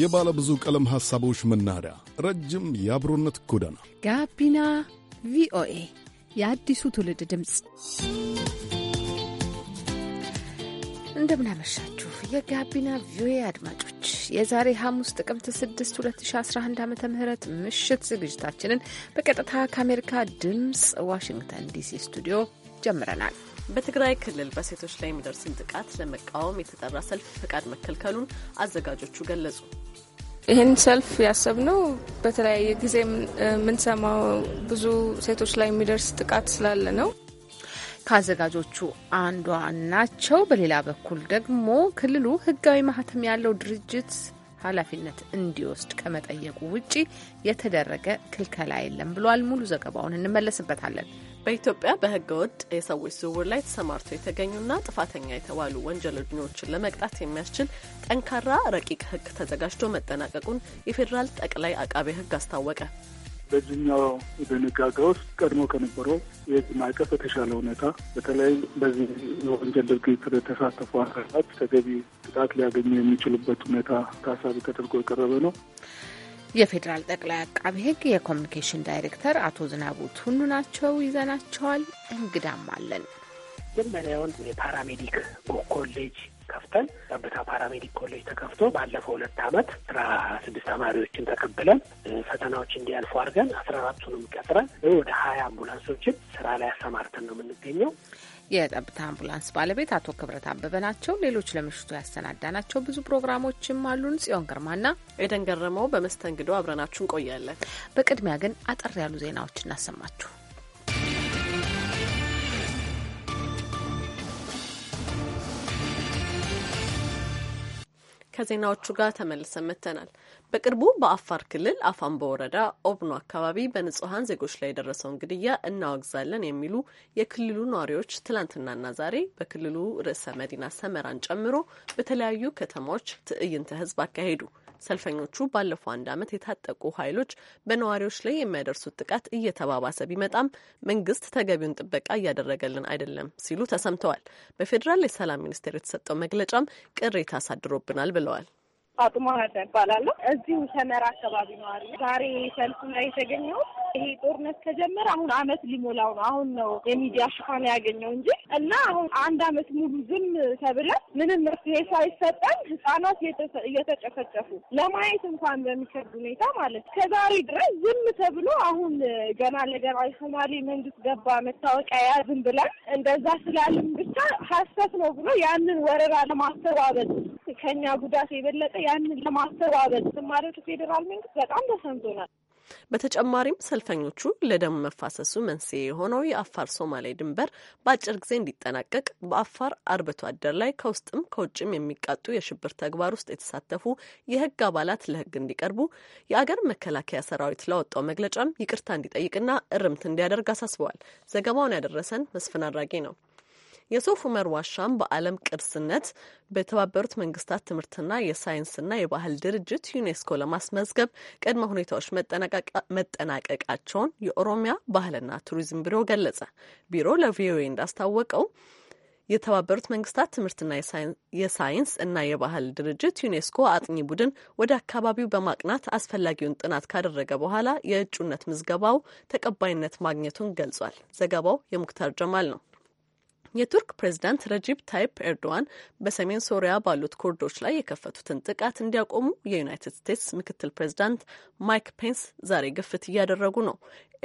የባለ ብዙ ቀለም ሐሳቦች መናኸሪያ፣ ረጅም የአብሮነት ጎዳና ጋቢና ቪኦኤ የአዲሱ ትውልድ ድምፅ። እንደምናመሻችሁ የጋቢና ቪኦኤ አድማጮች የዛሬ ሐሙስ ጥቅምት 6 2011 ዓ ም ምሽት ዝግጅታችንን በቀጥታ ከአሜሪካ ድምፅ ዋሽንግተን ዲሲ ስቱዲዮ ጀምረናል። በትግራይ ክልል በሴቶች ላይ የሚደርስን ጥቃት ለመቃወም የተጠራ ሰልፍ ፈቃድ መከልከሉን አዘጋጆቹ ገለጹ። ይህን ሰልፍ ያሰብነው በተለያየ ጊዜ የምንሰማው ብዙ ሴቶች ላይ የሚደርስ ጥቃት ስላለ ነው። ከአዘጋጆቹ አንዷ ናቸው። በሌላ በኩል ደግሞ ክልሉ ሕጋዊ ማህተም ያለው ድርጅት ኃላፊነት እንዲወስድ ከመጠየቁ ውጪ የተደረገ ክልከላ የለም ብሏል። ሙሉ ዘገባውን እንመለስበታለን። በኢትዮጵያ በሕገ ወጥ የሰዎች ዝውውር ላይ ተሰማርተው የተገኙና ጥፋተኛ የተባሉ ወንጀለኞችን ለመቅጣት የሚያስችል ጠንካራ ረቂቅ ሕግ ተዘጋጅቶ መጠናቀቁን የፌዴራል ጠቅላይ አቃቤ ሕግ አስታወቀ። በዚህኛው ድንጋጌ ውስጥ ቀድሞ ከነበረው የህግ ማዕቀፍ በተሻለ ሁኔታ በተለይ በዚህ የወንጀል ድርጊት የተሳተፉ አካላት ተገቢ ቅጣት ሊያገኙ የሚችሉበት ሁኔታ ታሳቢ ተደርጎ የቀረበ ነው። የፌዴራል ጠቅላይ አቃቢ ህግ የኮሚኒኬሽን ዳይሬክተር አቶ ዝናቡ ቱኑ ናቸው። ይዘናቸዋል። እንግዳም አለን። መጀመሪያውን የፓራሜዲክ ኮሌጅ ከፍተን ጠብታ ፓራሜዲክ ኮሌጅ ተከፍቶ ባለፈው ሁለት አመት አስራ ስድስት ተማሪዎችን ተቀብለን ፈተናዎች እንዲያልፉ አድርገን አስራ አራቱንም ቀጥረን ወደ ሀያ አምቡላንሶችን ስራ ላይ አሰማርተን ነው የምንገኘው። የጠብታ አምቡላንስ ባለቤት አቶ ክብረት አበበ ናቸው። ሌሎች ለምሽቱ ያሰናዳናቸው ብዙ ፕሮግራሞችም አሉን። ጽዮን ግርማና ኤደን ገረመው በመስተንግዶ አብረናችሁ እንቆያለን። በቅድሚያ ግን አጠር ያሉ ዜናዎች እናሰማችሁ። ከዜናዎቹ ጋር ተመልሰን መጥተናል። በቅርቡ በአፋር ክልል አፋምቦ ወረዳ ኦብኖ አካባቢ በንጹሐን ዜጎች ላይ የደረሰውን ግድያ እናወግዛለን የሚሉ የክልሉ ነዋሪዎች ትላንትናና ዛሬ በክልሉ ርዕሰ መዲና ሰመራን ጨምሮ በተለያዩ ከተማዎች ትዕይንተ ህዝብ አካሄዱ። ሰልፈኞቹ ባለፈው አንድ ዓመት የታጠቁ ኃይሎች በነዋሪዎች ላይ የሚያደርሱት ጥቃት እየተባባሰ ቢመጣም መንግስት ተገቢውን ጥበቃ እያደረገልን አይደለም ሲሉ ተሰምተዋል። በፌዴራል የሰላም ሚኒስቴር የተሰጠው መግለጫም ቅሬታ አሳድሮብናል ብለዋል። ፋጡማ እባላለሁ። እዚሁ ሰመራ አካባቢ ነዋሪ። ዛሬ ሰልፍ ላይ የተገኘው ይሄ ጦርነት ከጀመረ አሁን አመት ሊሞላው ነው። አሁን ነው የሚዲያ ሽፋን ያገኘው እንጂ እና አሁን አንድ አመት ሙሉ ዝም ተብለን ምንም መፍትሄ ሳይሰጠን ህጻናት እየተጨፈጨፉ ለማየት እንኳን በሚከብድ ሁኔታ ማለት ከዛሬ ድረስ ዝም ተብሎ አሁን ገና ለገና የሶማሌ መንግስት ገባ መታወቂያ ያዝም ብለን እንደዛ ስላልን ብቻ ሀሰት ነው ብሎ ያንን ወረራ ለማስተባበል ከኛ ጉዳት የበለጠ ያንን ለማስተባበል ስማደቱ ፌዴራል መንግስት በጣም ተሰምቶናል። በተጨማሪም ሰልፈኞቹ ለደም መፋሰሱ መንስኤ የሆነው የአፋር ሶማሌ ድንበር በአጭር ጊዜ እንዲጠናቀቅ በአፋር አርብቶ አደር ላይ ከውስጥም ከውጭም የሚቃጡ የሽብር ተግባር ውስጥ የተሳተፉ የሕግ አባላት ለሕግ እንዲቀርቡ የአገር መከላከያ ሰራዊት ላወጣው መግለጫም ይቅርታ እንዲጠይቅና እርምት እንዲያደርግ አሳስበዋል። ዘገባውን ያደረሰን መስፍን አድራጌ ነው። የሶፍ ዑመር ዋሻም በዓለም ቅርስነት በተባበሩት መንግስታት ትምህርትና የሳይንስና የባህል ድርጅት ዩኔስኮ ለማስመዝገብ ቅድመ ሁኔታዎች መጠናቀቃቸውን የኦሮሚያ ባህልና ቱሪዝም ቢሮ ገለጸ። ቢሮ ለቪኦኤ እንዳስታወቀው የተባበሩት መንግስታት ትምህርትና የሳይንስ እና የባህል ድርጅት ዩኔስኮ አጥኚ ቡድን ወደ አካባቢው በማቅናት አስፈላጊውን ጥናት ካደረገ በኋላ የእጩነት ምዝገባው ተቀባይነት ማግኘቱን ገልጿል። ዘገባው የሙክታር ጀማል ነው። የቱርክ ፕሬዝዳንት ረጂብ ታይፕ ኤርዶዋን በሰሜን ሶሪያ ባሉት ኩርዶች ላይ የከፈቱትን ጥቃት እንዲያቆሙ የዩናይትድ ስቴትስ ምክትል ፕሬዝዳንት ማይክ ፔንስ ዛሬ ግፍት እያደረጉ ነው።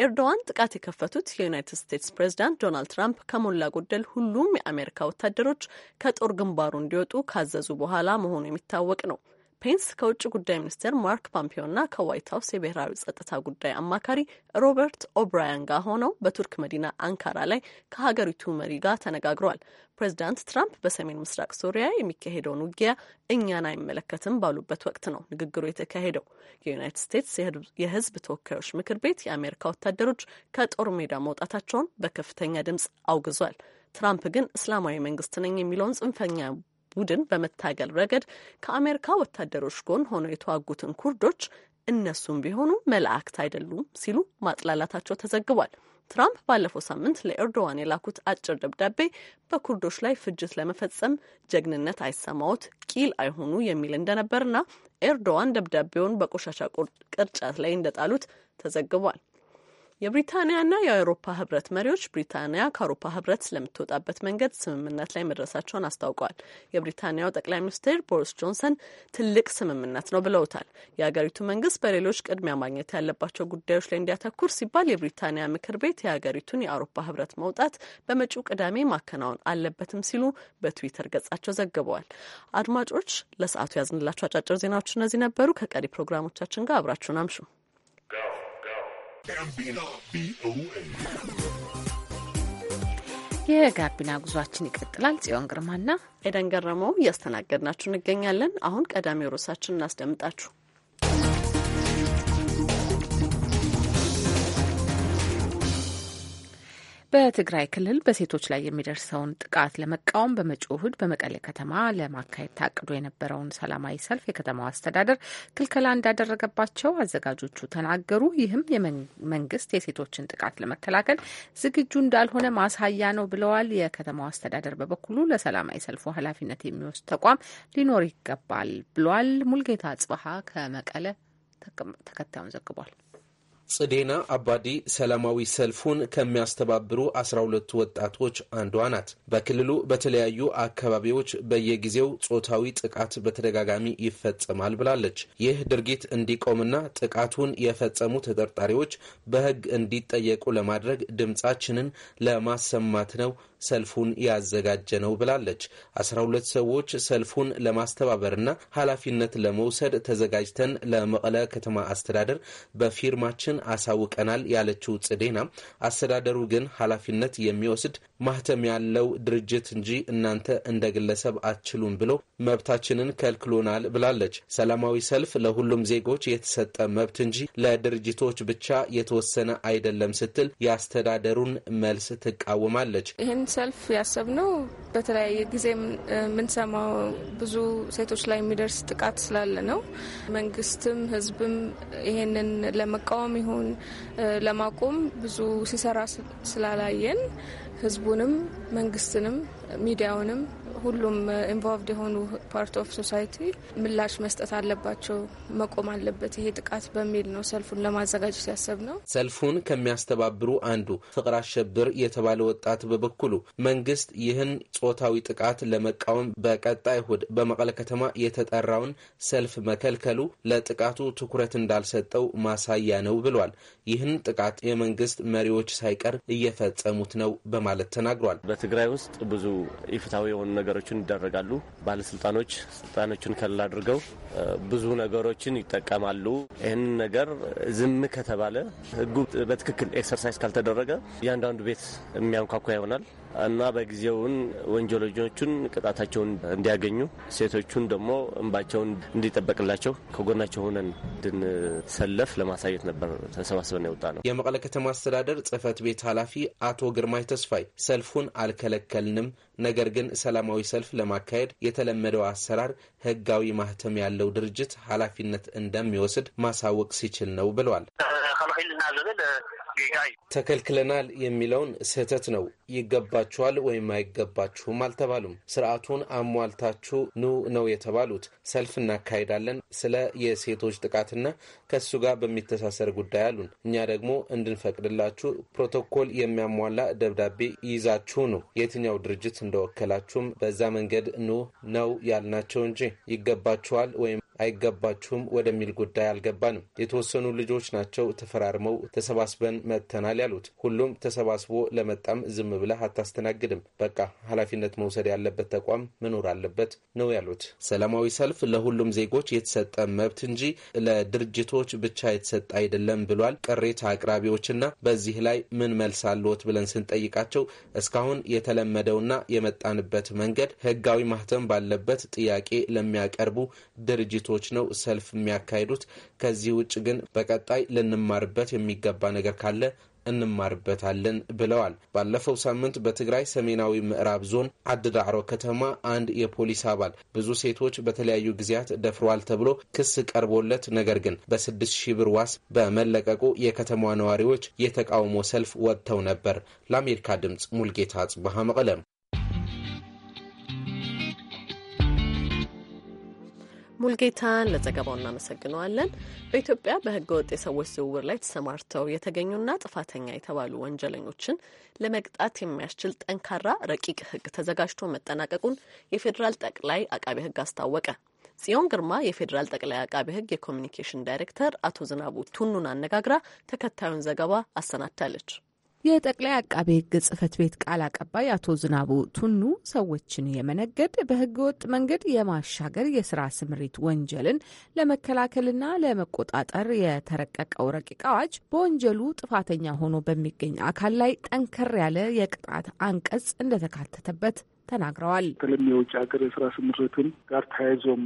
ኤርዶዋን ጥቃት የከፈቱት የዩናይትድ ስቴትስ ፕሬዝዳንት ዶናልድ ትራምፕ ከሞላ ጎደል ሁሉም የአሜሪካ ወታደሮች ከጦር ግንባሩ እንዲወጡ ካዘዙ በኋላ መሆኑ የሚታወቅ ነው። ፔንስ ከውጭ ጉዳይ ሚኒስትር ማርክ ፖምፒዮና ከዋይት ሀውስ የብሔራዊ ጸጥታ ጉዳይ አማካሪ ሮበርት ኦብራያን ጋር ሆነው በቱርክ መዲና አንካራ ላይ ከሀገሪቱ መሪ ጋር ተነጋግረዋል። ፕሬዚዳንት ትራምፕ በሰሜን ምስራቅ ሶሪያ የሚካሄደውን ውጊያ እኛን አይመለከትም ባሉበት ወቅት ነው ንግግሩ የተካሄደው። የዩናይትድ ስቴትስ የሕዝብ ተወካዮች ምክር ቤት የአሜሪካ ወታደሮች ከጦር ሜዳ መውጣታቸውን በከፍተኛ ድምፅ አውግዟል። ትራምፕ ግን እስላማዊ መንግስት ነኝ የሚለውን ጽንፈኛ ቡድን በመታገል ረገድ ከአሜሪካ ወታደሮች ጎን ሆነው የተዋጉትን ኩርዶች እነሱም ቢሆኑ መላእክት አይደሉም ሲሉ ማጥላላታቸው ተዘግቧል። ትራምፕ ባለፈው ሳምንት ለኤርዶዋን የላኩት አጭር ደብዳቤ በኩርዶች ላይ ፍጅት ለመፈጸም ጀግንነት አይሰማዎት፣ ቂል አይሆኑ የሚል እንደነበርና ኤርዶዋን ደብዳቤውን በቆሻሻ ቅርጫት ላይ እንደጣሉት ተዘግቧል። የብሪታንያና የአውሮፓ ህብረት መሪዎች ብሪታንያ ከአውሮፓ ህብረት ስለምትወጣበት መንገድ ስምምነት ላይ መድረሳቸውን አስታውቀዋል። የብሪታንያው ጠቅላይ ሚኒስትር ቦሪስ ጆንሰን ትልቅ ስምምነት ነው ብለውታል። የሀገሪቱ መንግስት በሌሎች ቅድሚያ ማግኘት ያለባቸው ጉዳዮች ላይ እንዲያተኩር ሲባል የብሪታንያ ምክር ቤት የሀገሪቱን የአውሮፓ ህብረት መውጣት በመጪው ቅዳሜ ማከናወን አለበትም ሲሉ በትዊተር ገጻቸው ዘግበዋል። አድማጮች ለሰዓቱ ያዝንላቸው አጫጭር ዜናዎች እነዚህ ነበሩ። ከቀሪ ፕሮግራሞቻችን ጋር አብራችሁን አምሹ። ጋቢና ቪኦኤ የጋቢና ጉዟችን ይቀጥላል። ጽዮን ግርማና ኤደን ገረመው እያስተናገድናችሁ እንገኛለን። አሁን ቀዳሚው ርዕሳችን እናስደምጣችሁ። በትግራይ ክልል በሴቶች ላይ የሚደርሰውን ጥቃት ለመቃወም በመጪው እሁድ በመቀሌ ከተማ ለማካሄድ ታቅዶ የነበረውን ሰላማዊ ሰልፍ የከተማው አስተዳደር ክልከላ እንዳደረገባቸው አዘጋጆቹ ተናገሩ። ይህም የመንግስት የሴቶችን ጥቃት ለመከላከል ዝግጁ እንዳልሆነ ማሳያ ነው ብለዋል። የከተማው አስተዳደር በበኩሉ ለሰላማዊ ሰልፉ ኃላፊነት የሚወስድ ተቋም ሊኖር ይገባል ብሏል። ሙልጌታ ጽበሀ ከመቀለ ተከታዩን ዘግቧል። ጽዴና አባዲ ሰላማዊ ሰልፉን ከሚያስተባብሩ አስራ ሁለቱ ወጣቶች አንዷ ናት። በክልሉ በተለያዩ አካባቢዎች በየጊዜው ጾታዊ ጥቃት በተደጋጋሚ ይፈጸማል ብላለች። ይህ ድርጊት እንዲቆምና ጥቃቱን የፈጸሙ ተጠርጣሪዎች በሕግ እንዲጠየቁ ለማድረግ ድምፃችንን ለማሰማት ነው ሰልፉን ያዘጋጀ ነው ብላለች። አስራ ሁለት ሰዎች ሰልፉን ለማስተባበርና ኃላፊነት ለመውሰድ ተዘጋጅተን ለመቀለ ከተማ አስተዳደር በፊርማችን አሳውቀናል ያለችው ጽዴና አስተዳደሩ ግን ኃላፊነት የሚወስድ ማህተም ያለው ድርጅት እንጂ እናንተ እንደ ግለሰብ አትችሉም ብሎ መብታችንን ከልክሎናል ብላለች። ሰላማዊ ሰልፍ ለሁሉም ዜጎች የተሰጠ መብት እንጂ ለድርጅቶች ብቻ የተወሰነ አይደለም ስትል የአስተዳደሩን መልስ ትቃወማለች። ይህን ሰልፍ ያሰብነው በተለያየ ጊዜ የምንሰማው ብዙ ሴቶች ላይ የሚደርስ ጥቃት ስላለ ነው። መንግስትም ህዝብም ይህንን ለመቃወም ይሁን ለማቆም ብዙ ሲሰራ ስላላየን ህዝቡንም መንግስትንም ሚዲያውንም ሁሉም ኢንቮልቭድ የሆኑ ፓርት ኦፍ ሶሳይቲ ምላሽ መስጠት አለባቸው፣ መቆም አለበት ይሄ ጥቃት በሚል ነው ሰልፉን ለማዘጋጀት ያሰብ ነው። ሰልፉን ከሚያስተባብሩ አንዱ ፍቅር አሸብር የተባለ ወጣት በበኩሉ መንግስት ይህን ጾታዊ ጥቃት ለመቃወም በቀጣይ እሁድ በመቀለ ከተማ የተጠራውን ሰልፍ መከልከሉ ለጥቃቱ ትኩረት እንዳልሰጠው ማሳያ ነው ብሏል። ይህን ጥቃት የመንግስት መሪዎች ሳይቀር እየፈጸሙት ነው በማለት ተናግሯል። በትግራይ ውስጥ ብዙ ኢፍትሐዊ የሆኑ ነገር ነገሮችን ይደረጋሉ። ባለስልጣኖች ስልጣኖችን ከልል አድርገው ብዙ ነገሮችን ይጠቀማሉ። ይህንን ነገር ዝም ከተባለ ህጉ በትክክል ኤክሰርሳይዝ ካልተደረገ እያንዳንዱ ቤት የሚያንኳኳ ይሆናል። እና በጊዜውን ወንጀለኞቹን ቅጣታቸውን እንዲያገኙ፣ ሴቶቹን ደግሞ እንባቸውን እንዲጠበቅላቸው ከጎናቸው ሆነን እንድንሰለፍ ለማሳየት ነበር ተሰባስበን የወጣ ነው። የመቀለ ከተማ አስተዳደር ጽህፈት ቤት ኃላፊ አቶ ግርማይ ተስፋይ ሰልፉን አልከለከልንም፣ ነገር ግን ሰላማዊ ሰልፍ ለማካሄድ የተለመደው አሰራር ህጋዊ ማህተም ያለው ድርጅት ኃላፊነት እንደሚወስድ ማሳወቅ ሲችል ነው ብለዋል። ተከልክለናል የሚለውን ስህተት ነው። ይገባችኋል ወይም አይገባችሁም አልተባሉም። ስርዓቱን አሟልታችሁ ኑ ነው የተባሉት። ሰልፍ እናካሄዳለን ስለ የሴቶች ጥቃትና ከሱ ጋር በሚተሳሰር ጉዳይ አሉን። እኛ ደግሞ እንድንፈቅድላችሁ ፕሮቶኮል የሚያሟላ ደብዳቤ ይዛችሁ ነው የትኛው ድርጅት እንደወከላችሁም በዛ መንገድ ኑ ነው ያልናቸው እንጂ ይገባችኋል ወይም አይገባችሁም ወደሚል ጉዳይ አልገባንም። የተወሰኑ ልጆች ናቸው ተፈራርመው ተሰባስበን መጥተናል ያሉት። ሁሉም ተሰባስቦ ለመጣም ዝም ብለህ አታስተናግድም። በቃ ኃላፊነት መውሰድ ያለበት ተቋም መኖር አለበት ነው ያሉት። ሰላማዊ ሰልፍ ለሁሉም ዜጎች የተሰጠ መብት እንጂ ለድርጅቶች ብቻ የተሰጠ አይደለም ብሏል። ቅሬታ አቅራቢዎችና በዚህ ላይ ምን መልስ አለዎት ብለን ስንጠይቃቸው እስካሁን የተለመደውና የመጣንበት መንገድ ህጋዊ ማህተም ባለበት ጥያቄ ለሚያቀርቡ ድርጅት ድርጅቶች ነው ሰልፍ የሚያካሂዱት። ከዚህ ውጭ ግን በቀጣይ ልንማርበት የሚገባ ነገር ካለ እንማርበታለን ብለዋል። ባለፈው ሳምንት በትግራይ ሰሜናዊ ምዕራብ ዞን አድዳዕሮ ከተማ አንድ የፖሊስ አባል ብዙ ሴቶች በተለያዩ ጊዜያት ደፍረዋል ተብሎ ክስ ቀርቦለት ነገር ግን በስድስት ሺህ ብር ዋስ በመለቀቁ የከተማዋ ነዋሪዎች የተቃውሞ ሰልፍ ወጥተው ነበር። ለአሜሪካ ድምፅ ሙልጌታ አጽብሃ መቀለም ሙልጌታን ለዘገባው እናመሰግነዋለን። በኢትዮጵያ በህገ ወጥ የሰዎች ዝውውር ላይ ተሰማርተው የተገኙና ጥፋተኛ የተባሉ ወንጀለኞችን ለመቅጣት የሚያስችል ጠንካራ ረቂቅ ህግ ተዘጋጅቶ መጠናቀቁን የፌዴራል ጠቅላይ አቃቢ ህግ አስታወቀ። ጽዮን ግርማ የፌዴራል ጠቅላይ አቃቢ ህግ የኮሚኒኬሽን ዳይሬክተር አቶ ዝናቡ ቱኑን አነጋግራ ተከታዩን ዘገባ አሰናድታለች። የጠቅላይ አቃቤ ሕግ ጽህፈት ቤት ቃል አቀባይ አቶ ዝናቡ ቱኑ ሰዎችን የመነገድ በህገወጥ መንገድ የማሻገር የስራ ስምሪት ወንጀልን ለመከላከልና ለመቆጣጠር የተረቀቀው ረቂቅ አዋጅ በወንጀሉ ጥፋተኛ ሆኖ በሚገኝ አካል ላይ ጠንከር ያለ የቅጣት አንቀጽ እንደተካተተበት ተናግረዋል። በተለይም የውጭ ሀገር የስራ ስምሪትን ጋር ተያይዞም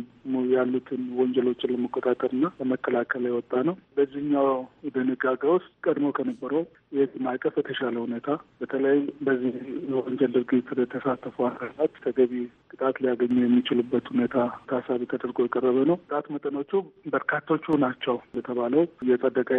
ያሉትን ወንጀሎችን ለመቆጣጠርና ለመከላከል የወጣ ነው። በዚህኛው ድንጋጌ ውስጥ ቀድሞ ከነበረው የህግ ማዕቀፍ የተሻለ ሁኔታ በተለይ በዚህ የወንጀል ድርጊት የተሳተፉ አካላት ተገቢ ቅጣት ሊያገኙ የሚችሉበት ሁኔታ ታሳቢ ተደርጎ የቀረበ ነው። ቅጣት መጠኖቹ በርካቶቹ ናቸው የተባለው እየጸደቀ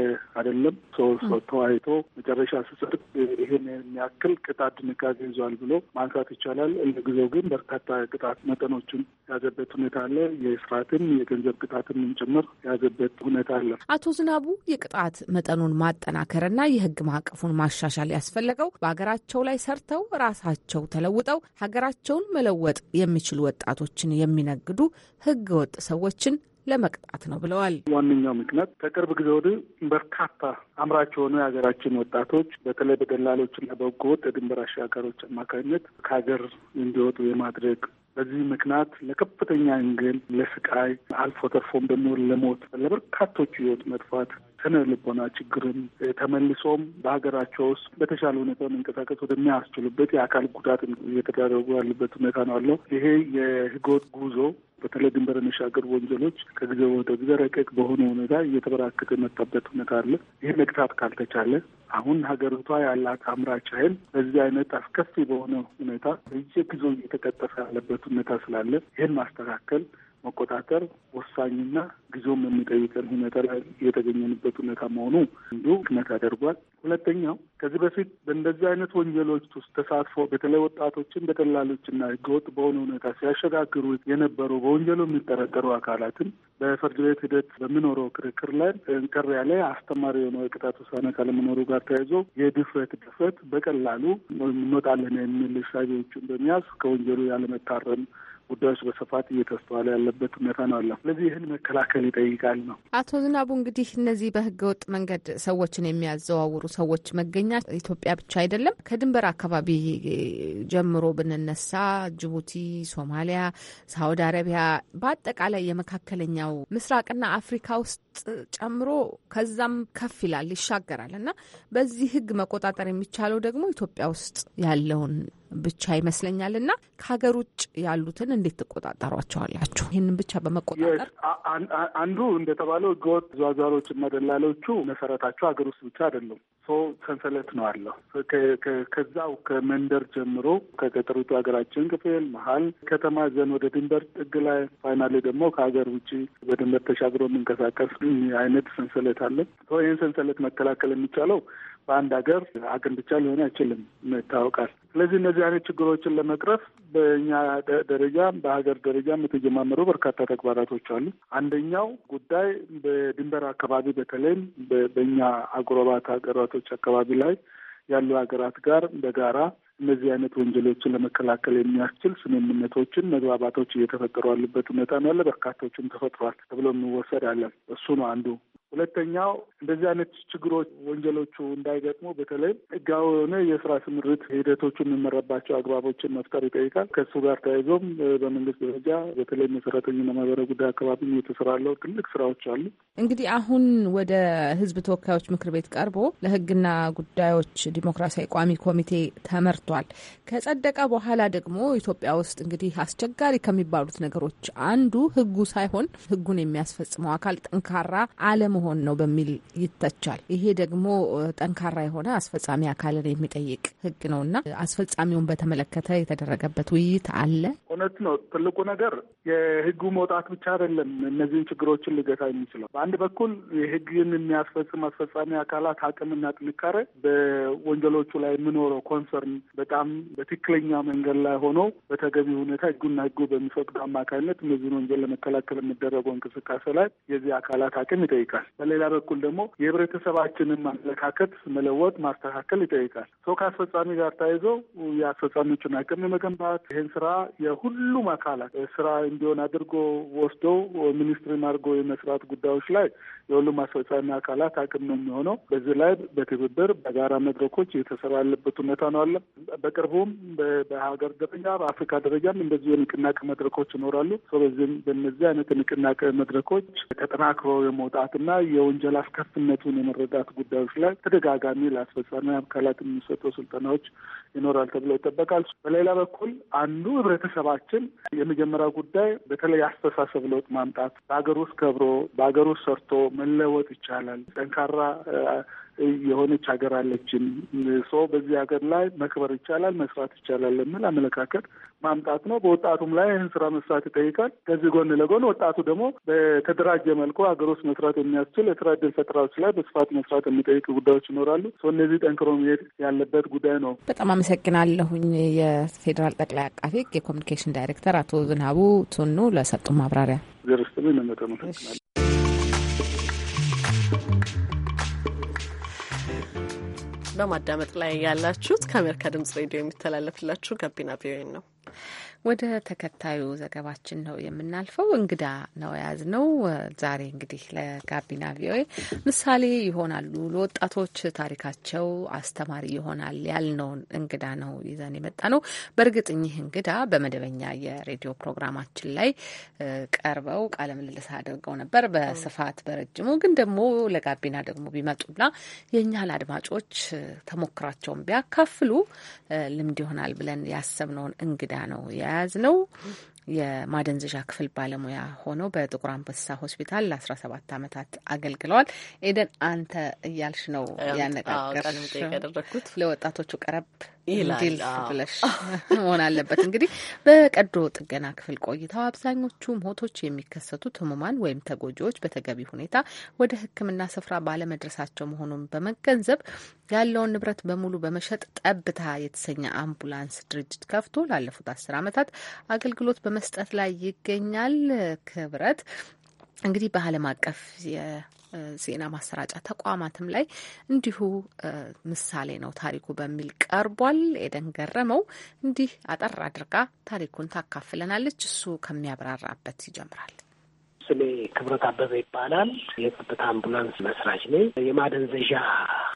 አይደለም። ሰው ተወያይቶ መጨረሻ ሲጸድቅ ይህን የሚያክል ቅጣት ድንጋጌ ይዟል ብሎ ማንሳት ይቻላል። ጊዜው ግን በርካታ ቅጣት መጠኖችን የያዘበት ሁኔታ አለ። የስርዓትም የገንዘብ ቅጣትም ጭምር የያዘበት ሁኔታ አለ። አቶ ዝናቡ የቅጣት መጠኑን ማጠናከርና የህግ ማዕቀፉን ማሻሻል ያስፈለገው በሀገራቸው ላይ ሰርተው ራሳቸው ተለውጠው ሀገራቸውን መለወጥ የሚችሉ ወጣቶችን የሚነግዱ ህገ ወጥ ሰዎችን ለመቅጣት ነው ብለዋል። ዋነኛው ምክንያት ከቅርብ ጊዜ ወዲህ በርካታ አምራች የሆኑ የሀገራችን ወጣቶች በተለይ በደላሎችና በህገወጥ የድንበር አሻጋሮች አማካኝነት ከሀገር እንዲወጡ የማድረግ በዚህ ምክንያት ለከፍተኛ እንግል፣ ለስቃይ አልፎ ተርፎም ደግሞ ለሞት ለበርካቶች ህይወት መጥፋት ስነ ልቦና ችግርን ተመልሶም በሀገራቸው ውስጥ በተሻለ ሁኔታ መንቀሳቀስ ወደሚያስችሉበት የአካል ጉዳት እየተደረጉ ያሉበት ሁኔታ ነው አለው። ይሄ የህገወጥ ጉዞ በተለይ ድንበር መሻገር ወንጀሎች ከጊዜ ወደ ጊዜ ረቀቅ በሆነ ሁኔታ እየተበራከተ የመጣበት ሁኔታ አለ። ይህ መግታት ካልተቻለ አሁን ሀገሪቷ ያላት አምራች ኃይል በዚህ አይነት አስከፊ በሆነ ሁኔታ በየጊዜው እየተቀጠፈ ያለበት ሁኔታ ስላለ ይህን ማስተካከል መቆጣጠር ወሳኝና ጊዜውም የሚጠይቀን ሁኔታ ላይ የተገኘንበት ሁኔታ መሆኑ እንዱ ክመት ያደርጓል። ሁለተኛው ከዚህ በፊት በእንደዚህ አይነት ወንጀሎች ውስጥ ተሳትፎ በተለይ ወጣቶችን በደላሎችና ህገወጥ በሆነ ሁኔታ ሲያሸጋግሩ የነበሩ በወንጀሉ የሚጠረጠሩ አካላትን በፍርድ ቤት ሂደት በሚኖረው ክርክር ላይ ጠንከር ያለ አስተማሪ የሆነ የቅጣት ውሳኔ ካለመኖሩ ጋር ተያይዞ የድፍረት ድፍረት በቀላሉ እንወጣለን የሚል እሳቤዎችን በሚያዝ ከወንጀሉ ያለመታረም ጉዳዮች በስፋት እየተስተዋለ ያለበት ሁኔታ ነው አለ። ስለዚህ ይህን መከላከል ይጠይቃል ነው። አቶ ዝናቡ እንግዲህ እነዚህ በህገወጥ መንገድ ሰዎችን የሚያዘዋውሩ ሰዎች መገኛ ኢትዮጵያ ብቻ አይደለም። ከድንበር አካባቢ ጀምሮ ብንነሳ ጅቡቲ፣ ሶማሊያ፣ ሳውዲ አረቢያ በአጠቃላይ የመካከለኛው ምስራቅና አፍሪካ ውስጥ ጨምሮ ከዛም ከፍ ይላል ይሻገራል እና በዚህ ህግ መቆጣጠር የሚቻለው ደግሞ ኢትዮጵያ ውስጥ ያለውን ብቻ ይመስለኛል። እና ከሀገር ውጭ ያሉትን እንዴት ትቆጣጠሯቸዋላችሁ? ይህንን ብቻ በመቆጣጠር አንዱ እንደተባለው ህገወጥ ዟዟሮች እና ደላሎቹ መሰረታቸው ሀገር ውስጥ ብቻ አይደለም፣ ሰንሰለት ነው አለው። ከዛው ከመንደር ጀምሮ ከገጠሪቱ ሀገራችን ክፍል መሀል ከተማ ዘን ወደ ድንበር ጥግ ላይ ፋይናሌ ደግሞ ከሀገር ውጭ በድንበር ተሻግሮ የሚንቀሳቀስ አይነት ሰንሰለት አለ። ይህን ሰንሰለት መከላከል የሚቻለው በአንድ ሀገር አቅም ብቻ ሊሆን አይችልም ይታወቃል። ስለዚህ እነዚህ አይነት ችግሮችን ለመቅረፍ በእኛ ደረጃ በሀገር ደረጃ የተጀማመሩ በርካታ ተግባራቶች አሉ። አንደኛው ጉዳይ በድንበር አካባቢ በተለይም በእኛ አጎራባት ሀገራቶች አካባቢ ላይ ያሉ ሀገራት ጋር በጋራ እነዚህ አይነት ወንጀሎችን ለመከላከል የሚያስችል ስምምነቶችን፣ መግባባቶች እየተፈጠሩ ያሉበት ሁኔታ ነው ያለ። በርካቶችም ተፈጥሯል ተብሎ የሚወሰድ አለን። እሱ ነው አንዱ ሁለተኛው እንደዚህ አይነት ችግሮች፣ ወንጀሎቹ እንዳይገጥሙ በተለይ ህጋዊ የሆነ የስራ ስምሪት ሂደቶቹ የሚመረባቸው አግባቦችን መፍጠር ይጠይቃል። ከሱ ጋር ተያይዞም በመንግስት ደረጃ በተለይ መሰረተኛ ማህበራዊ ጉዳይ አካባቢ የተሰራለው ትልቅ ስራዎች አሉ። እንግዲህ አሁን ወደ ህዝብ ተወካዮች ምክር ቤት ቀርቦ ለህግና ጉዳዮች ዲሞክራሲያዊ ቋሚ ኮሚቴ ተመርቷል። ከጸደቀ በኋላ ደግሞ ኢትዮጵያ ውስጥ እንግዲህ አስቸጋሪ ከሚባሉት ነገሮች አንዱ ህጉ ሳይሆን ህጉን የሚያስፈጽመው አካል ጠንካራ አለ። መሆን ነው በሚል ይተቻል። ይሄ ደግሞ ጠንካራ የሆነ አስፈጻሚ አካልን የሚጠይቅ ህግ ነው እና አስፈጻሚውን በተመለከተ የተደረገበት ውይይት አለ። እውነት ነው። ትልቁ ነገር የህጉ መውጣት ብቻ አይደለም እነዚህን ችግሮችን ልገታ የሚችለው። በአንድ በኩል የህግን የሚያስፈጽም አስፈጻሚ አካላት አቅምና ጥንካሬ በወንጀሎቹ ላይ የምኖረው ኮንሰርን በጣም በትክክለኛ መንገድ ላይ ሆኖ በተገቢ ሁኔታ ህጉና ህጉ በሚፈቅዱ አማካኝነት እነዚህን ወንጀል ለመከላከል የሚደረገው እንቅስቃሴ ላይ የዚህ አካላት አቅም ይጠይቃል። በሌላ በኩል ደግሞ የህብረተሰባችንን ማመለካከት መለወጥ ማስተካከል ይጠይቃል። ሰው ከአስፈጻሚ ጋር ተያይዞ የአስፈጻሚዎችን አቅም መገንባት ይህን ስራ የሁሉም አካላት ስራ እንዲሆን አድርጎ ወስዶ ሚኒስትሪን አድርጎ የመስራት ጉዳዮች ላይ የሁሉም አስፈጻሚ አካላት አቅም ነው የሚሆነው። በዚህ ላይ በትብብር በጋራ መድረኮች እየተሰራ ያለበት ሁኔታ ነው አለ። በቅርቡም በሀገር ደረጃ በአፍሪካ ደረጃም እንደዚሁ የንቅናቄ መድረኮች ይኖራሉ። በዚህም በነዚህ አይነት የንቅናቄ መድረኮች ተጠናክሮ የመውጣትና የወንጀል አስከፍነቱን የመረዳት ጉዳዮች ላይ ተደጋጋሚ ለአስፈጻሚ አካላት የሚሰጠው ስልጠናዎች ይኖራል ተብሎ ይጠበቃል። በሌላ በኩል አንዱ ህብረተሰባችን የመጀመሪያ ጉዳይ በተለይ አስተሳሰብ ለውጥ ማምጣት በሀገር ውስጥ ከብሮ በሀገር ውስጥ ሰርቶ መለወጥ ይቻላል ጠንካራ የሆነች ሀገር አለችን። ሰው በዚህ ሀገር ላይ መክበር ይቻላል፣ መስራት ይቻላል የሚል አመለካከት ማምጣት ነው። በወጣቱም ላይ ይህን ስራ መስራት ይጠይቃል። ከዚህ ጎን ለጎን ወጣቱ ደግሞ በተደራጀ መልኩ ሀገር ውስጥ መስራት የሚያስችል የስራ እድል ፈጠራዎች ላይ በስፋት መስራት የሚጠይቅ ጉዳዮች ይኖራሉ። ሰው እነዚህ ጠንክሮ መሄድ ያለበት ጉዳይ ነው። በጣም አመሰግናለሁኝ። የፌዴራል ጠቅላይ አቃፊ የኮሚኒኬሽን ዳይሬክተር አቶ ዝናቡ ቱኑ ለሰጡ ማብራሪያ ዘርስትምን መጠመሰግናለ በማዳመጥ ላይ ያላችሁት ከአሜሪካ ድምጽ ሬዲዮ የሚተላለፍላችሁ ጋቢና ቪኦኤ ነው። ወደ ተከታዩ ዘገባችን ነው የምናልፈው። እንግዳ ነው ያዝ ነው። ዛሬ እንግዲህ ለጋቢና ቪኦኤ ምሳሌ ይሆናሉ ለወጣቶች ታሪካቸው አስተማሪ ይሆናል ያልነውን እንግዳ ነው ይዘን የመጣ ነው። በእርግጥ እኚህ እንግዳ በመደበኛ የሬዲዮ ፕሮግራማችን ላይ ቀርበው ቃለ ምልልስ አድርገው ነበር በስፋት በረጅሙ። ግን ደግሞ ለጋቢና ደግሞ ቢመጡና የእኛን አድማጮች ተሞክራቸውን ቢያካፍሉ ልምድ ይሆናል ብለን ያሰብነውን እንግዳ እንግዳ ነው ነው። የማደንዘዣ ክፍል ባለሙያ ሆነው በጥቁር አንበሳ ሆስፒታል ለአስራ ሰባት አመታት አገልግለዋል። ኤደን አንተ እያልሽ ነው ያነጋገርሽ። ለወጣቶቹ ቀረብ እንዲል ብለሽ መሆን አለበት። እንግዲህ በቀዶ ጥገና ክፍል ቆይታው አብዛኞቹ ሞቶች የሚከሰቱት ህሙማን ወይም ተጎጂዎች በተገቢ ሁኔታ ወደ ሕክምና ስፍራ ባለመድረሳቸው መሆኑን በመገንዘብ ያለውን ንብረት በሙሉ በመሸጥ ጠብታ የተሰኘ አምቡላንስ ድርጅት ከፍቶ ላለፉት አስር ዓመታት አገልግሎት በመስጠት ላይ ይገኛል። ክብረት እንግዲህ በዓለም አቀፍ የዜና ማሰራጫ ተቋማትም ላይ እንዲሁ ምሳሌ ነው ታሪኩ በሚል ቀርቧል። ኤደን ገረመው እንዲህ አጠር አድርጋ ታሪኩን ታካፍለናለች። እሱ ከሚያብራራበት ይጀምራል። ስሜ ክብረት አበበ ይባላል። የጸጥታ አምቡላንስ መስራች ነኝ። የማደንዘዣ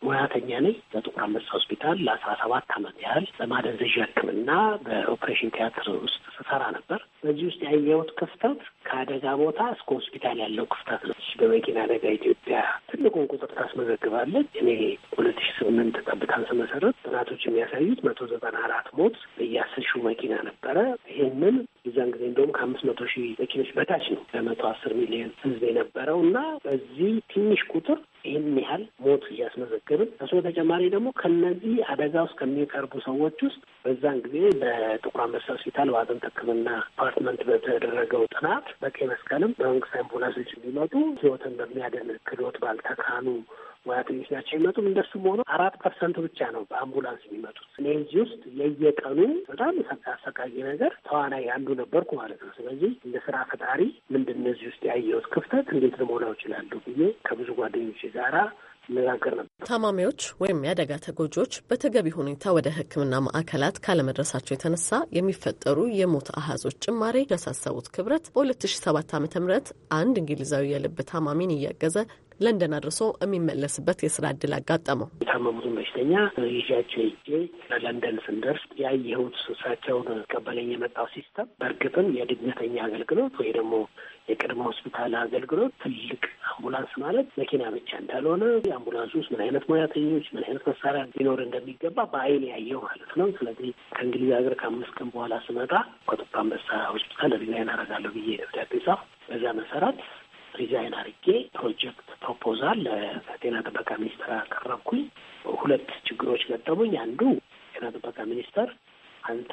ሙያተኛ ነኝ። በጥቁር አንበሳ ሆስፒታል ለአስራ ሰባት ዓመት ያህል በማደንዘዣ ሕክምና በኦፕሬሽን ቲያትር ውስጥ ስሰራ ነበር። በዚህ ውስጥ ያየሁት ክፍተት ከአደጋ ቦታ እስከ ሆስፒታል ያለው ክፍተት ነው። በመኪና አደጋ ኢትዮጵያ ትልቁን ቁጥር ታስመዘግባለች። እኔ ሁለት ሺ ስምንት ጠብታን ስመሰረት ጥናቶች የሚያሳዩት መቶ ዘጠና አራት ሞት በየአስር ሺው መኪና ነበረ። ይህንን እዚያን ጊዜ እንደውም ከአምስት መቶ ሺህ መኪኖች በታች ነው ከመቶ አስር ሚሊዮን ህዝብ የነበረው እና በዚህ ትንሽ ቁጥር ይህን ያህል ሞት እያስመዘገብን እሱ በተጨማሪ ደግሞ ከነዚህ አደጋ ውስጥ ከሚቀርቡ ሰዎች ውስጥ በዛን ጊዜ በጥቁር አንበሳ ሆስፒታል በአጥንት ሕክምና ዲፓርትመንት በተደረገው ጥናት በቀይ መስቀልም በመንግስት አምቡላንሶች የሚመጡ ህይወትን በሚያደን ክህሎት ባልተካኑ ሙያተኞች ናቸው የሚመጡ። እንደሱም ሆኖ አራት ፐርሰንቱ ብቻ ነው በአምቡላንስ የሚመጡት። እኔ እዚህ ውስጥ የየቀኑ በጣም አሰቃቂ ነገር ተዋናይ አንዱ ነበርኩ ማለት ነው። ስለዚህ እንደ ስራ ፈጣሪ ምንድን እዚህ ውስጥ ያየሁት ክፍተት እንዴት ልሞላው እችላለሁ ብዬ ከብዙ ጓደኞች ጋራ እንነጋገር ነበር። ታማሚዎች ወይም የአደጋ ተጎጂዎች በተገቢ ሁኔታ ወደ ሕክምና ማዕከላት ካለመድረሳቸው የተነሳ የሚፈጠሩ የሞት አሃዞች ጭማሬ ያሳሰቡት ክብረት በ2007 ዓ ም አንድ እንግሊዛዊ የልብ ታማሚን እያገዘ ለንደን አድርሶ የሚመለስበት የስራ እድል አጋጠመው። የታመሙትን በሽተኛ ይዣቸው ሄጄ ለለንደን ስንደርስ ያየሁት እሳቸውን ቀበለኝ የመጣው ሲስተም በእርግጥም የድንገተኛ አገልግሎት ወይ ደግሞ የቅድመ ሆስፒታል አገልግሎት ትልቅ አምቡላንስ ማለት መኪና ብቻ እንዳልሆነ የአምቡላንስ ውስጥ ምን አይነት ሙያተኞች፣ ምን አይነት መሳሪያ ሊኖር እንደሚገባ በአይን ያየው ማለት ነው። ስለዚህ ከእንግሊዝ ሀገር ከአምስት ቀን በኋላ ስመጣ ከጥቁር አንበሳ ሆስፒታል ሪዛይን አደርጋለሁ ብዬ ደብዳቤ ጻፍ። በዛ መሰረት ሪዛይን አድርጌ ፕሮጀክት ፕሮፖዛል ለጤና ጥበቃ ሚኒስትር አቀረብኩኝ። ሁለት ችግሮች ገጠሙኝ። አንዱ ጤና ጥበቃ ሚኒስተር አንተ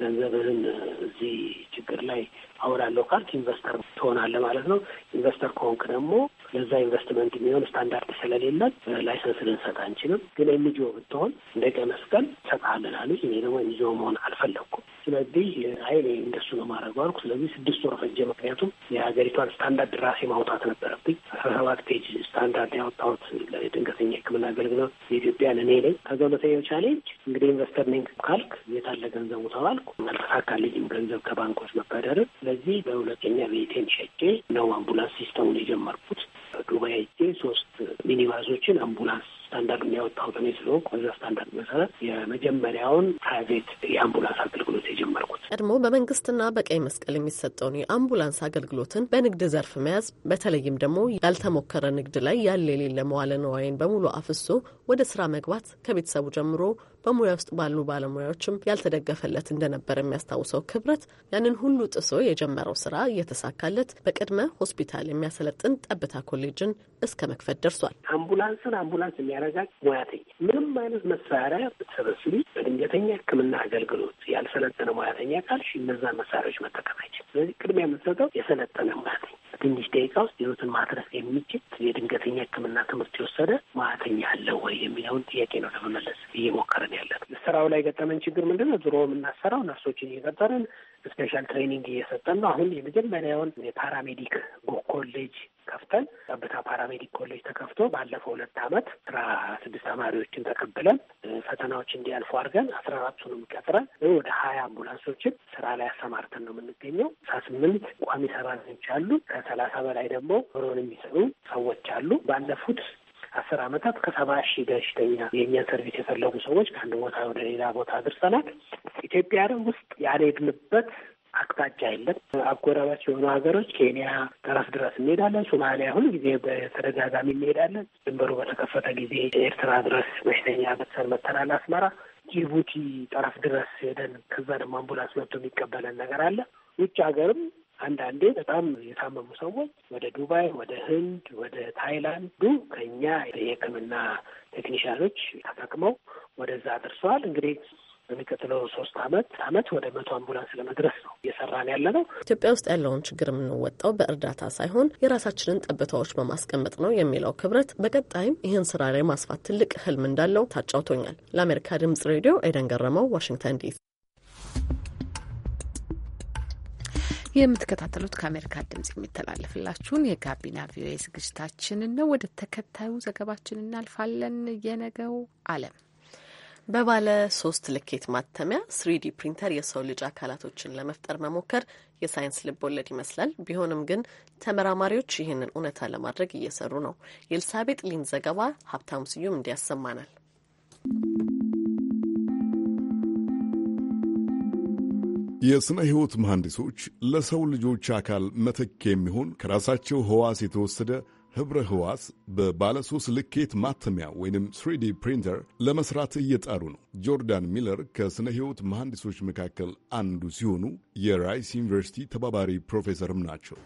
ገንዘብህን እዚህ ችግር ላይ አውላለሁ ካልክ ኢንቨስተር ትሆናለህ ማለት ነው። ኢንቨስተር ከሆንክ ደግሞ ለዛ ኢንቨስትመንት የሚሆን ስታንዳርድ ስለሌለን ላይሰንስ ልንሰጥ አንችልም። ግን ኤንጂኦ ብትሆን እንደ ቀይ መስቀል ሰጥሃለን አሉኝ። እኔ ደግሞ ኤንጂኦ መሆን አልፈለግኩም። ስለዚህ ሀይሌ እንደሱ ነው ማድረግ አልኩ። ስለዚህ ስድስት ወር ፈጀ። ምክንያቱም የሀገሪቷን ስታንዳርድ ራሴ ማውጣት ነበረብኝ። አስራ ሰባት ፔጅ ስታንዳርድ ያወጣሁት ለድንገተኛ ሕክምና አገልግሎት የኢትዮጵያ እኔ ነኝ። ከዛ ሁለተኛው ቻሌንጅ እንግዲህ ኢንቨስተር ነኝ ካልክ የታለ ገንዘቡ ተባልኩ። አልተሳካልኝም ገንዘብ ከባንኮች መበደርም። ስለዚህ በሁለተኛ ቤቴን ሸጬ ነው አምቡላንስ ሲስተሙን የጀመርኩት። ዱባይ ሄጄ ሶስት ሚኒባሶችን አምቡላንስ ስታንዳርድ የሚያወጣው እኔ ስለሆንኩ በዛ ስታንዳርድ መሰረት የመጀመሪያውን ፕራይቬት የአምቡላንስ አገልግሎት የጀመርኩት ቀድሞ በመንግስትና በቀይ መስቀል የሚሰጠውን የአምቡላንስ አገልግሎትን በንግድ ዘርፍ መያዝ በተለይም ደግሞ ያልተሞከረ ንግድ ላይ ያለ የሌለ መዋለ ነዋይን በሙሉ አፍሶ ወደ ስራ መግባት ከቤተሰቡ ጀምሮ በሙያ ውስጥ ባሉ ባለሙያዎችም ያልተደገፈለት እንደነበር የሚያስታውሰው ክብረት ያንን ሁሉ ጥሶ የጀመረው ስራ እየተሳካለት በቅድመ ሆስፒታል የሚያሰለጥን ጠብታ ኮሌጅን እስከ መክፈት ደርሷል። አምቡላንስን አምቡላንስ የሚያረጋግ ሙያተኛ ምንም አይነት መሳሪያ ብትሰበስቢ በድንገተኛ ሕክምና አገልግሎት ያልሰለጠነ ሙያተኛ ካልሽ እነዛን መሳሪያዎች መጠቀም አይችል። ስለዚህ ቅድሚያ የምንሰጠው የሰለጠነ ሙያተኛ በትንሽ ደቂቃ ውስጥ ህይወትን ማትረፍ የሚችል የድንገተኛ ሕክምና ትምህርት የወሰደ ሙያተኛ አለ ወይ የሚለውን ጥያቄ ነው ለመመለስ እየሞከረ እየሰራን ያለን። ስራው ላይ ገጠመን ችግር ምንድን ነው? ድሮ የምናሰራው ነርሶችን እየቀጠርን ስፔሻል ትሬኒንግ እየሰጠን ነው። አሁን የመጀመሪያውን የፓራሜዲክ ኮሌጅ ከፍተን ጠብታ ፓራሜዲክ ኮሌጅ ተከፍቶ ባለፈው ሁለት አመት አስራ ስድስት ተማሪዎችን ተቀብለን ፈተናዎች እንዲያልፉ አድርገን አስራ አራቱንም ቀጥረን ወደ ሀያ አምቡላንሶችን ስራ ላይ አሰማርተን ነው የምንገኘው። አስራ ስምንት ቋሚ ሰራተኞች አሉ። ከሰላሳ በላይ ደግሞ ሮን የሚሰሩ ሰዎች አሉ። ባለፉት አስር ዓመታት ከሰባ ሺህ በሽተኛ የእኛን ሰርቪስ የፈለጉ ሰዎች ከአንድ ቦታ ወደ ሌላ ቦታ አድርሰናል። ኢትዮጵያ ውስጥ ያልሄድንበት አቅጣጫ የለም። አጎራባች የሆኑ ሀገሮች ኬንያ ጠረፍ ድረስ እንሄዳለን። ሶማሊያ ሁል ጊዜ በተደጋጋሚ እንሄዳለን። ድንበሩ በተከፈተ ጊዜ ኤርትራ ድረስ በሽተኛ በተሰን መተናል። አስመራ፣ ጅቡቲ ጠረፍ ድረስ ሄደን ከዛ ደግሞ አምቡላንስ መጥቶ የሚቀበለን ነገር አለ። ውጭ ሀገርም አንዳንዴ በጣም የታመሙ ሰዎች ወደ ዱባይ፣ ወደ ህንድ፣ ወደ ታይላንዱ ከኛ የህክምና ቴክኒሽያኖች ተጠቅመው ወደዛ ደርሰዋል። እንግዲህ በሚቀጥለው ሶስት አመት አመት ወደ መቶ አምቡላንስ ለመድረስ ነው እየሰራን ያለ ነው። ኢትዮጵያ ውስጥ ያለውን ችግር የምንወጣው በእርዳታ ሳይሆን የራሳችንን ጠብታዎች በማስቀመጥ ነው የሚለው ክብረት፣ በቀጣይም ይህን ስራ ላይ ማስፋት ትልቅ ህልም እንዳለው ታጫውቶኛል። ለአሜሪካ ድምጽ ሬዲዮ ኤደን ገረመው፣ ዋሽንግተን ዲሲ የምትከታተሉት ከአሜሪካ ድምጽ የሚተላለፍላችሁን የጋቢና ቪኦኤ ዝግጅታችንን ነው። ወደ ተከታዩ ዘገባችን እናልፋለን። የነገው ዓለም በባለ ሶስት ልኬት ማተሚያ ስሪዲ ፕሪንተር የሰው ልጅ አካላቶችን ለመፍጠር መሞከር የሳይንስ ልብ ወለድ ይመስላል። ቢሆንም ግን ተመራማሪዎች ይህንን እውነታ ለማድረግ እየሰሩ ነው። የኤልሳቤጥ ሊን ዘገባ ሀብታሙ ስዩም እንዲያሰማናል። የሥነ ሕይወት መሐንዲሶች ለሰው ልጆች አካል መተክ የሚሆን ከራሳቸው ሕዋስ የተወሰደ ኅብረ ሕዋስ በባለሶስት ልኬት ማተሚያ ወይንም ስሪዲ ፕሪንተር ለመሥራት እየጣሩ ነው። ጆርዳን ሚለር ከሥነ ሕይወት መሐንዲሶች መካከል አንዱ ሲሆኑ የራይስ ዩኒቨርሲቲ ተባባሪ ፕሮፌሰርም ናቸው።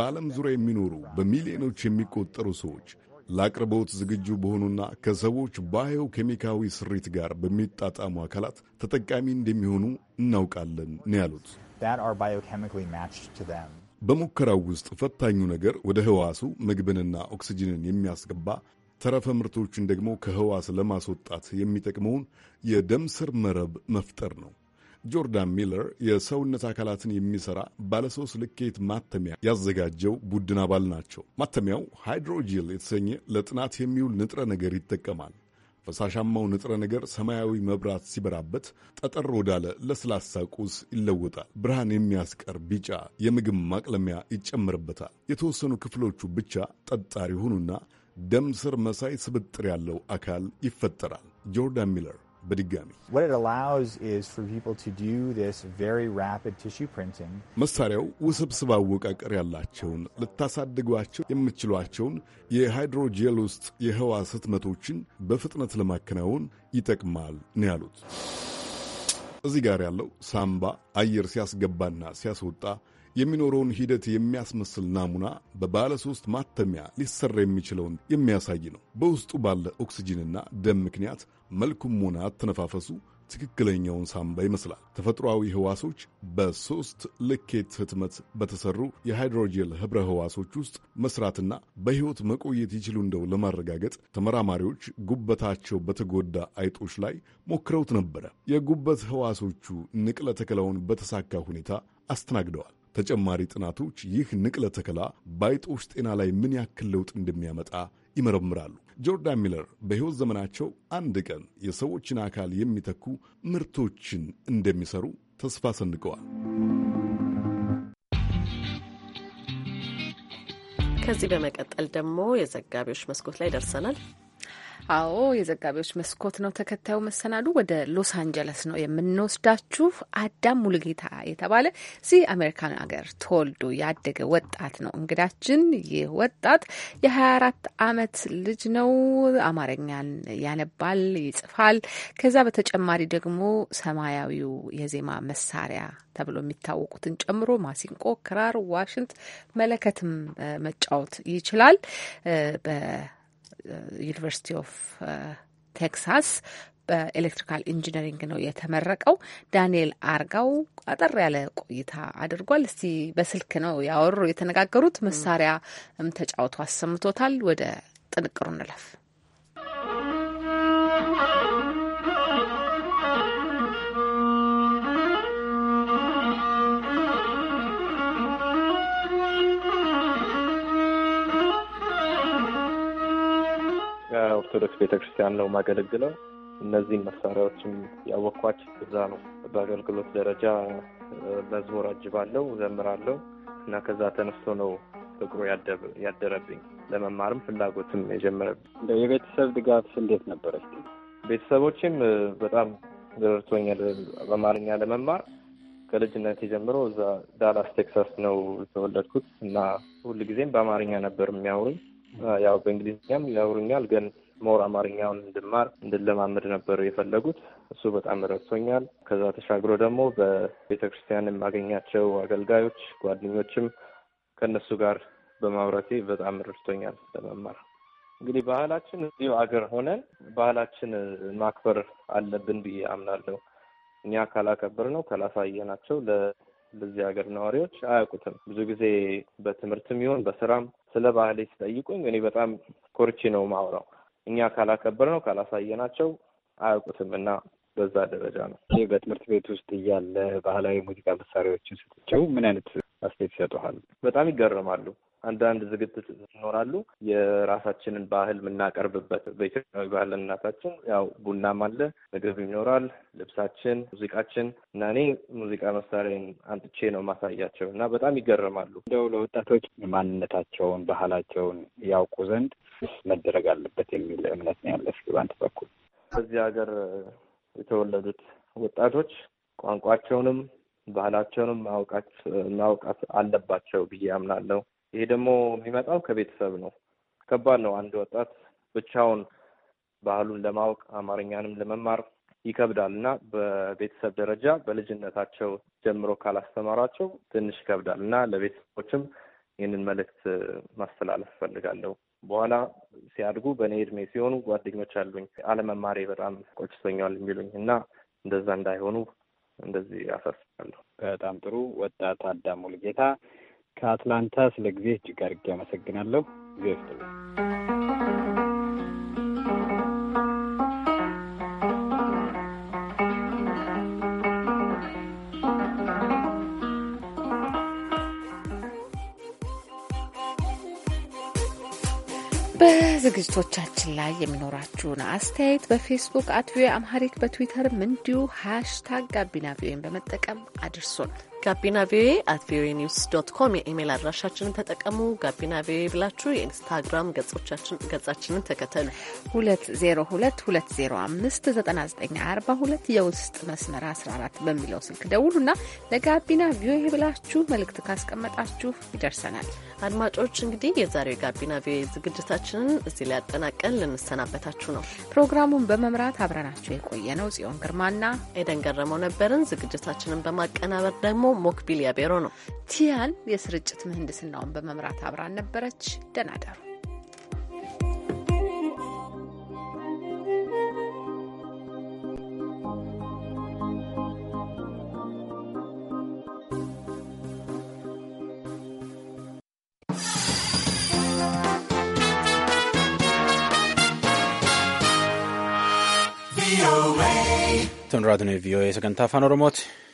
በዓለም ዙሪያ የሚኖሩ በሚሊዮኖች የሚቆጠሩ ሰዎች ለአቅርቦት ዝግጁ በሆኑና ከሰዎች ባዮ ኬሚካዊ ስሪት ጋር በሚጣጣሙ አካላት ተጠቃሚ እንደሚሆኑ እናውቃለን ነው ያሉት። በሙከራው ውስጥ ፈታኙ ነገር ወደ ህዋሱ ምግብንና ኦክስጅንን የሚያስገባ ተረፈ ምርቶችን ደግሞ ከህዋስ ለማስወጣት የሚጠቅመውን የደም ስር መረብ መፍጠር ነው። ጆርዳን ሚለር የሰውነት አካላትን የሚሰራ ባለሶስት ልኬት ማተሚያ ያዘጋጀው ቡድን አባል ናቸው። ማተሚያው ሃይድሮጂል የተሰኘ ለጥናት የሚውል ንጥረ ነገር ይጠቀማል። ፈሳሻማው ንጥረ ነገር ሰማያዊ መብራት ሲበራበት ጠጠር ወዳለ ለስላሳ ቁስ ይለወጣል። ብርሃን የሚያስቀር ቢጫ የምግብ ማቅለሚያ ይጨምርበታል። የተወሰኑ ክፍሎቹ ብቻ ጠጣር ይሁኑና ደም ስር መሳይ ስብጥር ያለው አካል ይፈጠራል። ጆርዳን ሚለር በድጋሚ መሳሪያው ውስብስብ አወቃቀር ያላቸውን ልታሳድጓቸው የምችሏቸውን የሃይድሮጄል ውስጥ የህዋ ህትመቶችን በፍጥነት ለማከናወን ይጠቅማል ነው ያሉት። እዚህ ጋር ያለው ሳምባ አየር ሲያስገባና ሲያስወጣ የሚኖረውን ሂደት የሚያስመስል ናሙና በባለ ሶስት ማተሚያ ሊሰራ የሚችለውን የሚያሳይ ነው። በውስጡ ባለ ኦክስጂንና ደም ምክንያት መልኩም ሆነ አተነፋፈሱ ትክክለኛውን ሳምባ ይመስላል። ተፈጥሯዊ ህዋሶች በሶስት ልኬት ህትመት በተሰሩ የሃይድሮጀል ኅብረ ህዋሶች ውስጥ መስራትና በሕይወት መቆየት ይችሉ እንደው ለማረጋገጥ ተመራማሪዎች ጉበታቸው በተጎዳ አይጦች ላይ ሞክረውት ነበረ። የጉበት ህዋሶቹ ንቅለ ተከላውን በተሳካ ሁኔታ አስተናግደዋል። ተጨማሪ ጥናቶች ይህ ንቅለ ተከላ በአይጦች ጤና ላይ ምን ያክል ለውጥ እንደሚያመጣ ይመረምራሉ። ጆርዳን ሚለር በሕይወት ዘመናቸው አንድ ቀን የሰዎችን አካል የሚተኩ ምርቶችን እንደሚሰሩ ተስፋ ሰንቀዋል። ከዚህ በመቀጠል ደግሞ የዘጋቢዎች መስኮት ላይ ደርሰናል። አዎ የዘጋቢዎች መስኮት ነው። ተከታዩ መሰናዱ ወደ ሎስ አንጀለስ ነው የምንወስዳችሁ። አዳም ሙሉጌታ የተባለ እዚህ አሜሪካን ሀገር ተወልዶ ያደገ ወጣት ነው እንግዳችን። ይህ ወጣት የ24 አመት ልጅ ነው። አማርኛን ያነባል፣ ይጽፋል። ከዛ በተጨማሪ ደግሞ ሰማያዊው የዜማ መሳሪያ ተብሎ የሚታወቁትን ጨምሮ ማሲንቆ፣ ክራር፣ ዋሽንት፣ መለከትም መጫወት ይችላል። ዩኒቨርሲቲ ኦፍ ቴክሳስ በኤሌክትሪካል ኢንጂነሪንግ ነው የተመረቀው። ዳንኤል አርጋው አጠር ያለ ቆይታ አድርጓል። እስቲ በስልክ ነው ያወሩ የተነጋገሩት። መሳሪያም ተጫውቶ አሰምቶታል። ወደ ጥንቅሩ እንለፍ። ኦርቶዶክስ ቤተክርስቲያን ነው የማገለግለው። እነዚህን መሳሪያዎችም ያወኳች እዛ ነው። በአገልግሎት ደረጃ መዝሙር አጅባለሁ፣ ዘምራለሁ እና ከዛ ተነስቶ ነው ፍቅሩ ያደረብኝ። ለመማርም ፍላጎትም የጀመረብኝ። የቤተሰብ ድጋፍ እንዴት ነበረ? ቤተሰቦችም በጣም ረድቶኛል በአማርኛ ለመማር። ከልጅነት ጀምሮ እዛ ዳላስ ቴክሳስ ነው የተወለድኩት እና ሁልጊዜም በአማርኛ ነበር የሚያወሩኝ። ያው በእንግሊዝኛም ያወሩኛል ግን ሞር አማርኛውን እንድማር እንድለማመድ ነበር የፈለጉት። እሱ በጣም ረድቶኛል። ከዛ ተሻግሮ ደግሞ በቤተ ክርስቲያን የማገኛቸው አገልጋዮች ጓደኞችም ከእነሱ ጋር በማውራቴ በጣም ረድቶኛል ለመማር። እንግዲህ ባህላችን እዚሁ አገር ሆነን ባህላችን ማክበር አለብን ብዬ አምናለሁ። እኛ ካላከበር ነው ካላሳየናቸው ለዚህ ሀገር ነዋሪዎች አያውቁትም። ብዙ ጊዜ በትምህርትም ይሁን በስራም ስለ ባህሌ ሲጠይቁኝ እኔ በጣም ኮርቼ ነው ማውራው። እኛ ካላከበር ነው ካላሳየናቸው አያውቁትም እና በዛ ደረጃ ነው። ይህ በትምህርት ቤት ውስጥ እያለ ባህላዊ ሙዚቃ መሳሪያዎችን ስትቸው ምን አይነት አስተያየት ይሰጡሃል? በጣም ይገረማሉ። አንዳንድ ዝግጅት ይኖራሉ። የራሳችንን ባህል የምናቀርብበት በኢትዮጵያዊ ባህል እናታችን ያው ቡናም አለ፣ ምግብ ይኖራል፣ ልብሳችን፣ ሙዚቃችን እና እኔ ሙዚቃ መሳሪያን አንጥቼ ነው ማሳያቸው እና በጣም ይገርማሉ። እንደው ለወጣቶች ማንነታቸውን ባህላቸውን ያውቁ ዘንድ መደረግ አለበት የሚል እምነት ነው ያለ በአንተ በኩል በዚህ ሀገር የተወለዱት ወጣቶች ቋንቋቸውንም ባህላቸውንም ማውቃት አለባቸው ብዬ አምናለሁ። ይሄ ደግሞ የሚመጣው ከቤተሰብ ነው። ከባድ ነው። አንድ ወጣት ብቻውን ባህሉን ለማወቅ አማርኛንም ለመማር ይከብዳል እና በቤተሰብ ደረጃ በልጅነታቸው ጀምሮ ካላስተማሯቸው ትንሽ ይከብዳል እና ለቤተሰቦችም ይህንን መልእክት ማስተላለፍ እፈልጋለሁ። በኋላ ሲያድጉ በእኔ እድሜ ሲሆኑ ጓደኞች አሉኝ አለመማሬ በጣም ቆጭቶኛል የሚሉኝ እና እንደዛ እንዳይሆኑ እንደዚህ አሳስባለሁ። በጣም ጥሩ ወጣት አዳሙ ልጌታ ከአትላንታ ስለ ጊዜ እጅግ አድርጌ አመሰግናለሁ። ጊዜ በዝግጅቶቻችን ላይ የሚኖራችሁን አስተያየት በፌስቡክ አት ቪኦኤ አምሃሪክ በትዊተርም እንዲሁ ሃሽታግ ጋቢና ቪኦኤን በመጠቀም አድርሶናል። ጋቢና ቪኦኤ አት ቪኦኤ ኒውስ ዶት ኮም የኢሜይል አድራሻችንን ተጠቀሙ። ጋቢና ቪኦኤ ብላችሁ የኢንስታግራም ገጻችንን ተከተሉ። 2022059942 የውስጥ መስመር 14 በሚለው ስልክ ደውሉና ለጋቢና ቪኦኤ ብላችሁ መልእክት ካስቀመጣችሁ ይደርሰናል። አድማጮች እንግዲህ የዛሬው የጋቢና ቪኦኤ ዝግጅታችንን እዚህ ላይ ያጠናቀን ልንሰናበታችሁ ነው። ፕሮግራሙን በመምራት አብረናችሁ የቆየ ነው ጽዮን ግርማና ኤደን ገረመው ነበርን። ዝግጅታችንን በማቀናበር ደግሞ ሞክቢል ያቤሮ ነው። ቲያን የስርጭት ምህንድስናውን በመምራት አብራን ነበረች። ደህና ደሩ። Sono radio nel